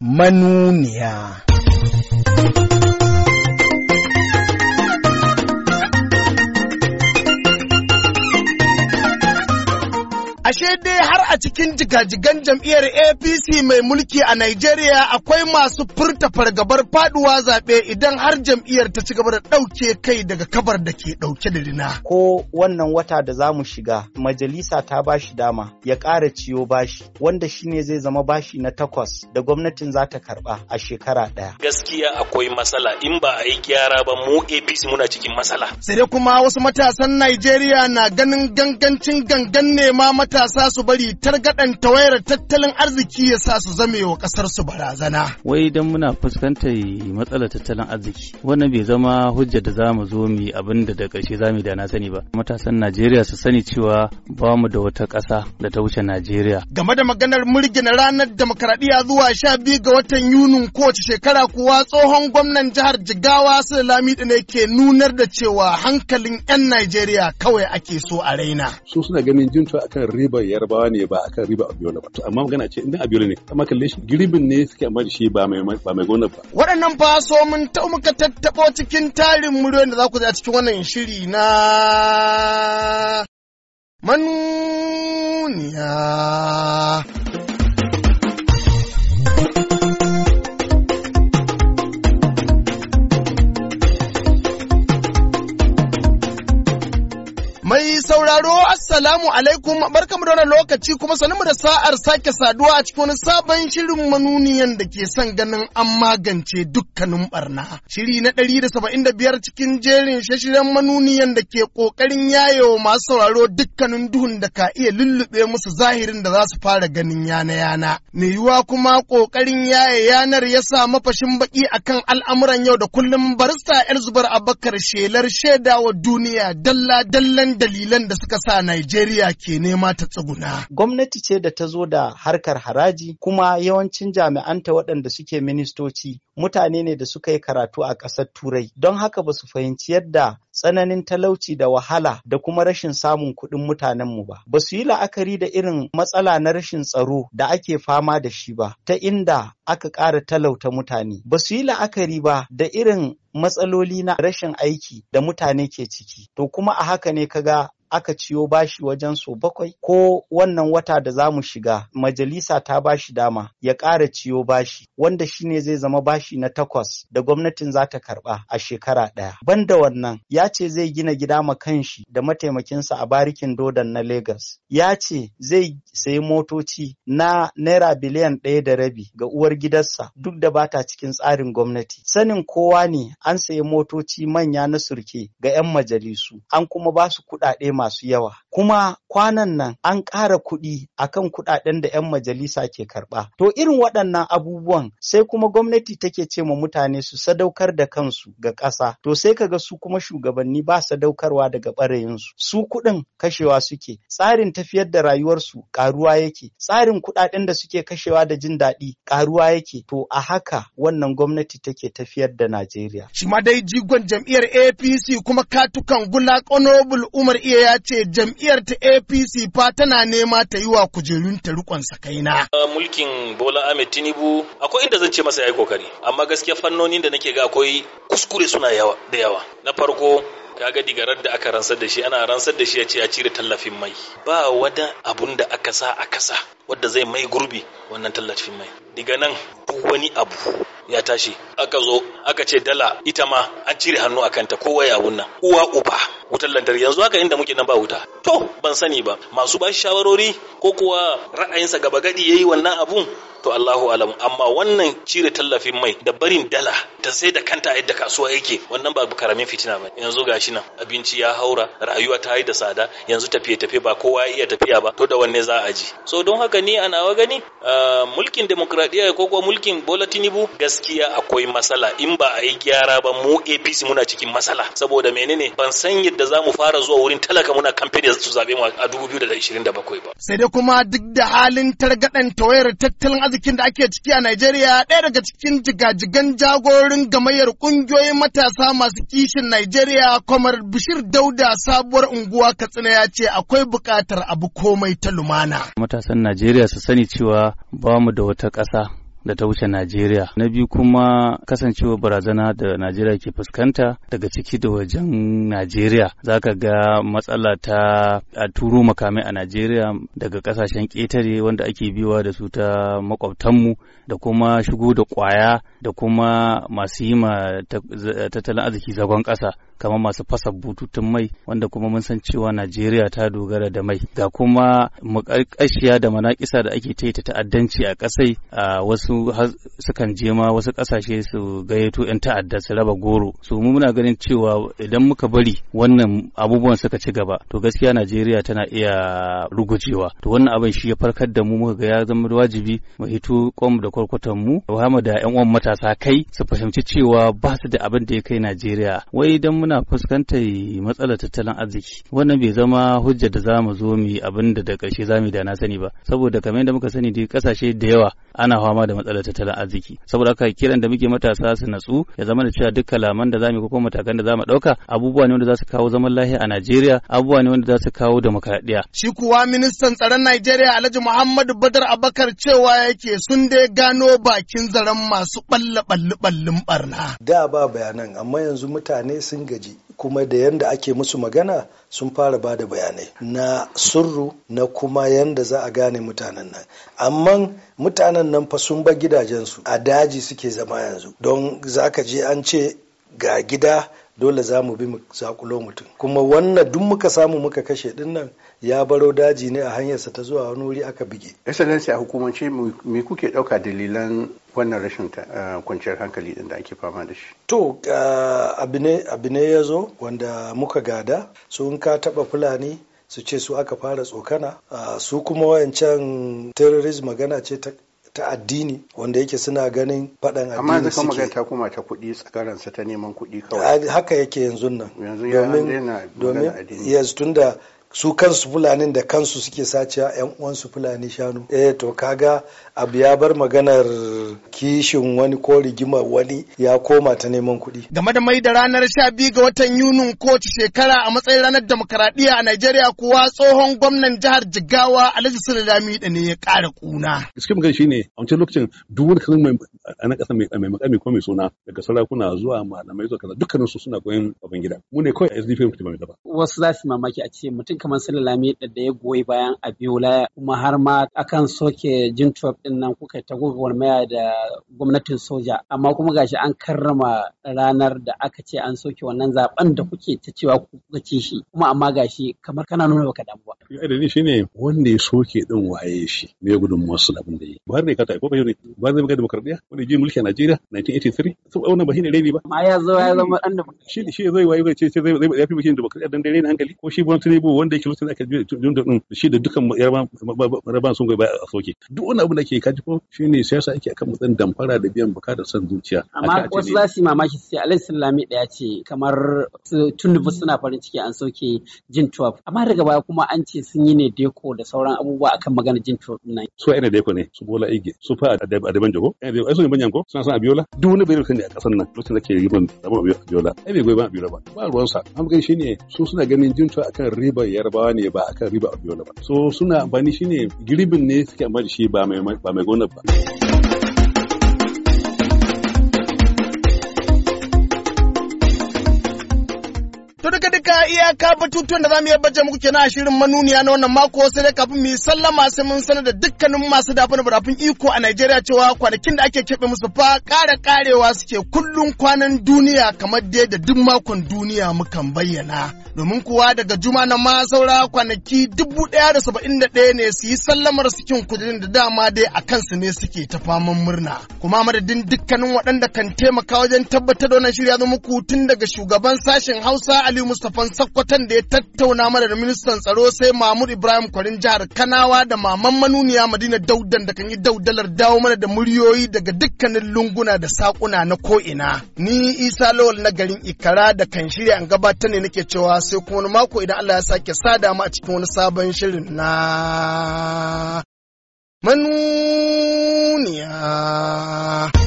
manuniya. Ashe dai har a cikin jigajigan jam'iyyar APC mai mulki a Najeriya akwai masu furta fargabar faduwa zaɓe idan har jam'iyyar ta ci gaba da ɗauke kai daga kabar da ke ɗauke da rina. Ko wannan wata da za mu shiga, majalisa ta bashi dama ya ƙara ciyo bashi wanda shine zai zama bashi na takwas da gwamnatin za ta karɓa a shekara ɗaya. Gaskiya akwai matsala in ba a yi gyara ba mu APC muna cikin matsala. Sai kuma wasu matasan Najeriya na ganin gangancin gangan nema mata matasa su bari targaɗan tawayar tattalin arziki ya sa su zame wa ƙasar su barazana. Wai idan muna fuskantar matsalar tattalin arziki wannan bai zama hujja da zamu zo mu abin da karshe ƙarshe za da na sani ba. Matasan Najeriya su sani cewa ba mu da wata ƙasa da ta wuce Najeriya. Game da maganar murgina ranar demokaradiyya zuwa sha biyu ga watan Yunin kowace shekara kuwa tsohon gwamnan jihar Jigawa su Lamidu ne ke nunar da cewa hankalin 'yan Najeriya kawai ake so a raina. Su suna ganin jinta akan ribar yarbawa ne ba akan riba abiola ba to amma magana ce idan abiola ne amma kalle shi girbin ne suke amma da shi ba mai ba mai gonar ba waɗannan fa so mun ta muka tattabo cikin tarin muryoyin da za ku ji a cikin wannan shiri na manuniya mai sauraro assalamu alaikum barkamu da wannan lokaci kuma sanin mu da sa'ar sake saduwa a cikin sabon shirin manuniyan da ke son ganin an magance dukkanin barna. Shiri na ɗari da saba'in da biyar cikin jerin shashiren manuniyan da ke ƙoƙarin yayewa masu sauraro dukkanin duhun da ka iya lullube musu zahirin da za su fara ganin yana-yana. Mai yiwuwa kuma ƙoƙarin yaye yanar ya sa mafashin baki akan al'amuran yau da kullum barista 'yar zubar abakar shelar shaidawa duniya dalla-dallan dalilin dalilan da suka sa Najeriya ke nema ta tsuguna. Gwamnati ce da ta zo da harkar haraji kuma yawancin jami'anta waɗanda suke ministoci mutane ne da suka yi karatu a ƙasar Turai don haka ba su fahimci yadda tsananin talauci da wahala da kuma rashin samun kuɗin mutanenmu ba. Ba su yi la'akari da irin matsala na rashin tsaro da ake fama da shi ba, ta inda aka ƙara talauta mutane. Ba su yi la'akari ba da irin matsaloli na rashin aiki da mutane ke ciki. To kuma a haka ne ka ga. aka ciyo bashi wajen so bakwai ko wannan wata da za mu shiga majalisa ta bashi dama ya ƙara ciyo bashi wanda shine zai zama bashi na takwas da gwamnatin za ta karɓa a shekara ɗaya. Banda wannan ya ce zai gina gida ma kanshi da mataimakinsa a barikin Dodon na Legas. Ya ce zai sayi motoci na naira biliyan ɗaya da rabi ga uwar gidansa duk da bata cikin tsarin gwamnati. Sanin kowa ne an sayi motoci manya na surke ga 'yan majalisu an kuma basu kuɗaɗe masu masu yawa kuma kwanan nan an ƙara kuɗi a kan kuɗaɗen da 'yan majalisa ke karɓa. To irin waɗannan abubuwan sai kuma gwamnati take ce ma mutane su sadaukar da kansu ga ƙasa. To sai ka ga su kuma shugabanni ba sadaukarwa daga ɓarayinsu. Su kuɗin kashewa suke, tsarin tafiyar da rayuwarsu ƙaruwa yake, tsarin kuɗaɗen da suke kashewa da jin daɗi ƙaruwa yake. To a haka wannan gwamnati take tafiyar da Najeriya. Shi ma dai jigon jam'iyyar APC kuma katukan Gulak Honorable Umar Iya ya ce jam'iyyar jam'iyyar ta APC fa tana nema ta yi wa kujerun ta rikon sakaina. Mulkin Bola Ahmed Tinubu akwai inda zan ce masa yayi kokari amma gaskiya fannonin da nake ga akwai kuskure suna yawa da yawa. Na farko kaga digarar da aka ransar da shi ana ransar da shi ya ce ya cire tallafin mai ba wada abun da aka sa a kasa wadda zai mai gurbi wannan tallafin mai diga nan duk wani abu ya tashi aka zo aka ce dala ita ma an cire hannu a kanta kowa ya abun nan uwa uba wutar lantarki yanzu haka inda muke nan ba wuta to ban sani ba masu ba shawarori ko kuwa ra'ayinsa gaba gadi yayi wannan abun to Allahu alamu. amma wannan cire tallafin mai da barin dala ta sai da kanta yadda kasuwa yake wannan ba karamin fitina ba yanzu gashi nan abinci ya haura rayuwa ta yi da tsada yanzu tafiye tafiye ba kowa ya iya tafiya ba to da wanne za a ji so don haka ni ana nawa gani mulkin demokradiyya ko kuwa mulkin Bola Tinubu gaskiya akwai matsala in ba a yi gyara ba mu APC muna cikin matsala saboda menene ban san yadda za mu fara zuwa wurin talaka muna kamfe su zaɓe mu a 2027 ba. Sai dai kuma duk da halin targaɗen tawayar tattalin arzikin da ake ciki a Najeriya ɗaya daga cikin jigajigan jagorin gamayyar ƙungiyoyin matasa masu kishin Najeriya kamar Bishir Dauda sabuwar unguwa Katsina ya ce akwai buƙatar abu komai ta lumana. Matasan Najeriya su sani cewa ba mu da wata ƙasa da ta wuce Najeriya. Na biyu kuma kasancewa barazana da Najeriya ke fuskanta daga ciki da wajen Najeriya. Za ka ga matsala ta a turo makamai a Najeriya daga kasashen ƙetare wanda ake biwa da su ta makwabtanmu da kuma shigo da ƙwaya da kuma masu yi ma tattalin arziki zagon ƙasa. kamar masu fasa bututun mai wanda kuma mun san cewa Najeriya ta dogara da mai ga kuma makarkashiya da manakisa da ake ta ta'addanci a ƙasai a wasu su sukan je ma wasu ƙasashe su gayyato 'yan ta'adda su raba goro su mu muna ganin cewa idan muka bari wannan abubuwan suka ci gaba to gaskiya najeriya tana iya rugujewa to wannan abin shi ya farkar da mu muka ga ya zama wajibi mu hito kwam da kwarkwatan mu mu da 'yan uwan matasa kai su fahimci cewa ba su da abin da ya kai najeriya wai idan muna fuskantar matsalar tattalin arziki wannan bai zama hujja da za mu zo mu yi abin da da ƙarshe za mu da na sani ba saboda kamar yadda muka sani dai ƙasashe da yawa ana fama da matsalar tattalin arziki saboda haka kiran da muke matasa su natsu ya zama da cewa duk kalaman da zamu ko kuma matakan da zamu dauka abubuwa ne wanda za su kawo zaman lafiya a Najeriya abubuwa ne wanda za su kawo demokradiya shi kuwa ministan tsaron Najeriya Alhaji Muhammadu Badar Abakar cewa yake sun dai gano bakin zaren masu balle balle ballin barna da ba bayanan amma yanzu mutane sun gaji kuma da yanda ake musu magana sun fara ba da bayanai na surru na kuma yanda za a gane mutanen nan amma mutanen nan fa sun ba gidajensu a daji suke zama yanzu don za ka je an ce ga gida dole za mu bi mu zakulo mutum kuma wannan duk muka samu muka kashe din ya baro daji ne a hanyarsa ta zuwa wani wuri aka bige excellency a hukumance me kuke ɗauka dalilan wannan rashin eh, kwanciyar hankali din da ake fama da shi to abu ne ya zo wanda muka gada su in ka taba fulani su ce su aka fara tsokana ah, su kuma wayancan terrorism magana ce ta ta addini wanda yake suna ganin faɗan addini amma yanzu magana ta koma ta kuɗi tsakaran ta neman kuɗi kawai haka yake yanzu nan domin domin tunda su kansu fulanin da kansu suke a yan uwansu fulani shanu eh to kaga abu ya bar maganar kishin wani ko rigimar wani ya koma ta neman kuɗi game da mai da ranar sha biyu ga watan yunin kowace shekara a matsayin ranar demokaradiyya a najeriya kuwa tsohon gwamnan jihar jigawa alhaji rami da ne ya ƙara ƙuna cikin magana ne, a wancan lokacin duk wani kasan a na ƙasa mai makami ko mai suna daga sarakuna zuwa malamai zuwa kaza dukkaninsu suna goyon abin gida mu ne kawai sdp mutum ba wasu za su mamaki a ce mutum mutum kamar su lalami da ya goyi bayan abiola kuma har ma akan soke jin trump din nan kuka ta gwagwarmaya da gwamnatin soja amma kuma gashi an karrama ranar da aka ce an soke wannan zaben da kuke ta cewa kuka ci shi kuma amma gashi kamar kana nuna baka damu ba. ni shine wanda ya soke din waye shi me gudun da abin da yi. Buhari ne ka tafi ba ne Buhari ne ga demokradiya wani ya ji mulki a Najeriya 1983 saboda wannan ba shine raini ba. amma ya zo ya zama dan da Shi shi zai waye zai ce zai ya fi mulkin demokradiya dan dare hankali ko shi Buhari ne wanda yake lokacin da aka junta din shi da dukan yaraban sun goyi baya a soke duk wani abu da ke kaji ko shi ne siyasa ake akan matsayin damfara da biyan buka son zuciya amma wasu za su yi mamaki su ce alai sallami daya ce kamar tunubu suna farin ciki an soke jin tuwaf amma daga baya kuma an ce sun yi ne deko da sauran abubuwa akan magana jin tuwaf nan su ne deko ne su bola ige su fa a daban jago ai da ai su ne banyan ko suna son a abiola duk wani bai ne a kasan nan lokacin da ke yi ban abiola ai bai goyi ba a abiola ba ba ruwansa an gani ne su suna ganin jin tuwaf akan riba yarbawa ne ba akan riba a ba so suna amfani shine girbin ne suke amfani da shi ba mai gonar ba duka iyaka batutuwan da zamu iya baje muku kenan a shirin manuniya na wannan mako sai dai kafin mu sallama sai mun sanar da dukkanin masu dafa barafin iko a Najeriya cewa kwanakin da ake keɓe musu fa ƙara ƙarewa suke kullun kwanan duniya kamar dai da duk makon duniya mukan bayyana domin kuwa daga juma na ma saura kwanaki dubu ɗaya da saba'in da ɗaya ne su yi sallamar sukin kudirin da dama dai a kansu ne suke ta faman murna kuma madadin dukkanin waɗanda kan taimaka wajen tabbatar da wannan shirya zo muku tun daga shugaban sashen Hausa ali Mustapha Mustapha Sakkwatan da ya tattauna mana da ministan tsaro sai Mahmud Ibrahim Kwarin jihar Kanawa da maman manuniya Madina Daudan da kan yi daudalar dawo mana da muryoyi daga dukkanin lunguna da sakuna na ko'ina. Ni Isa Lawal na garin Ikara da kan shirya an gabatar ne nake cewa sai kuma wani mako idan Allah ya sake sa mu a cikin wani sabon shirin na manuniya.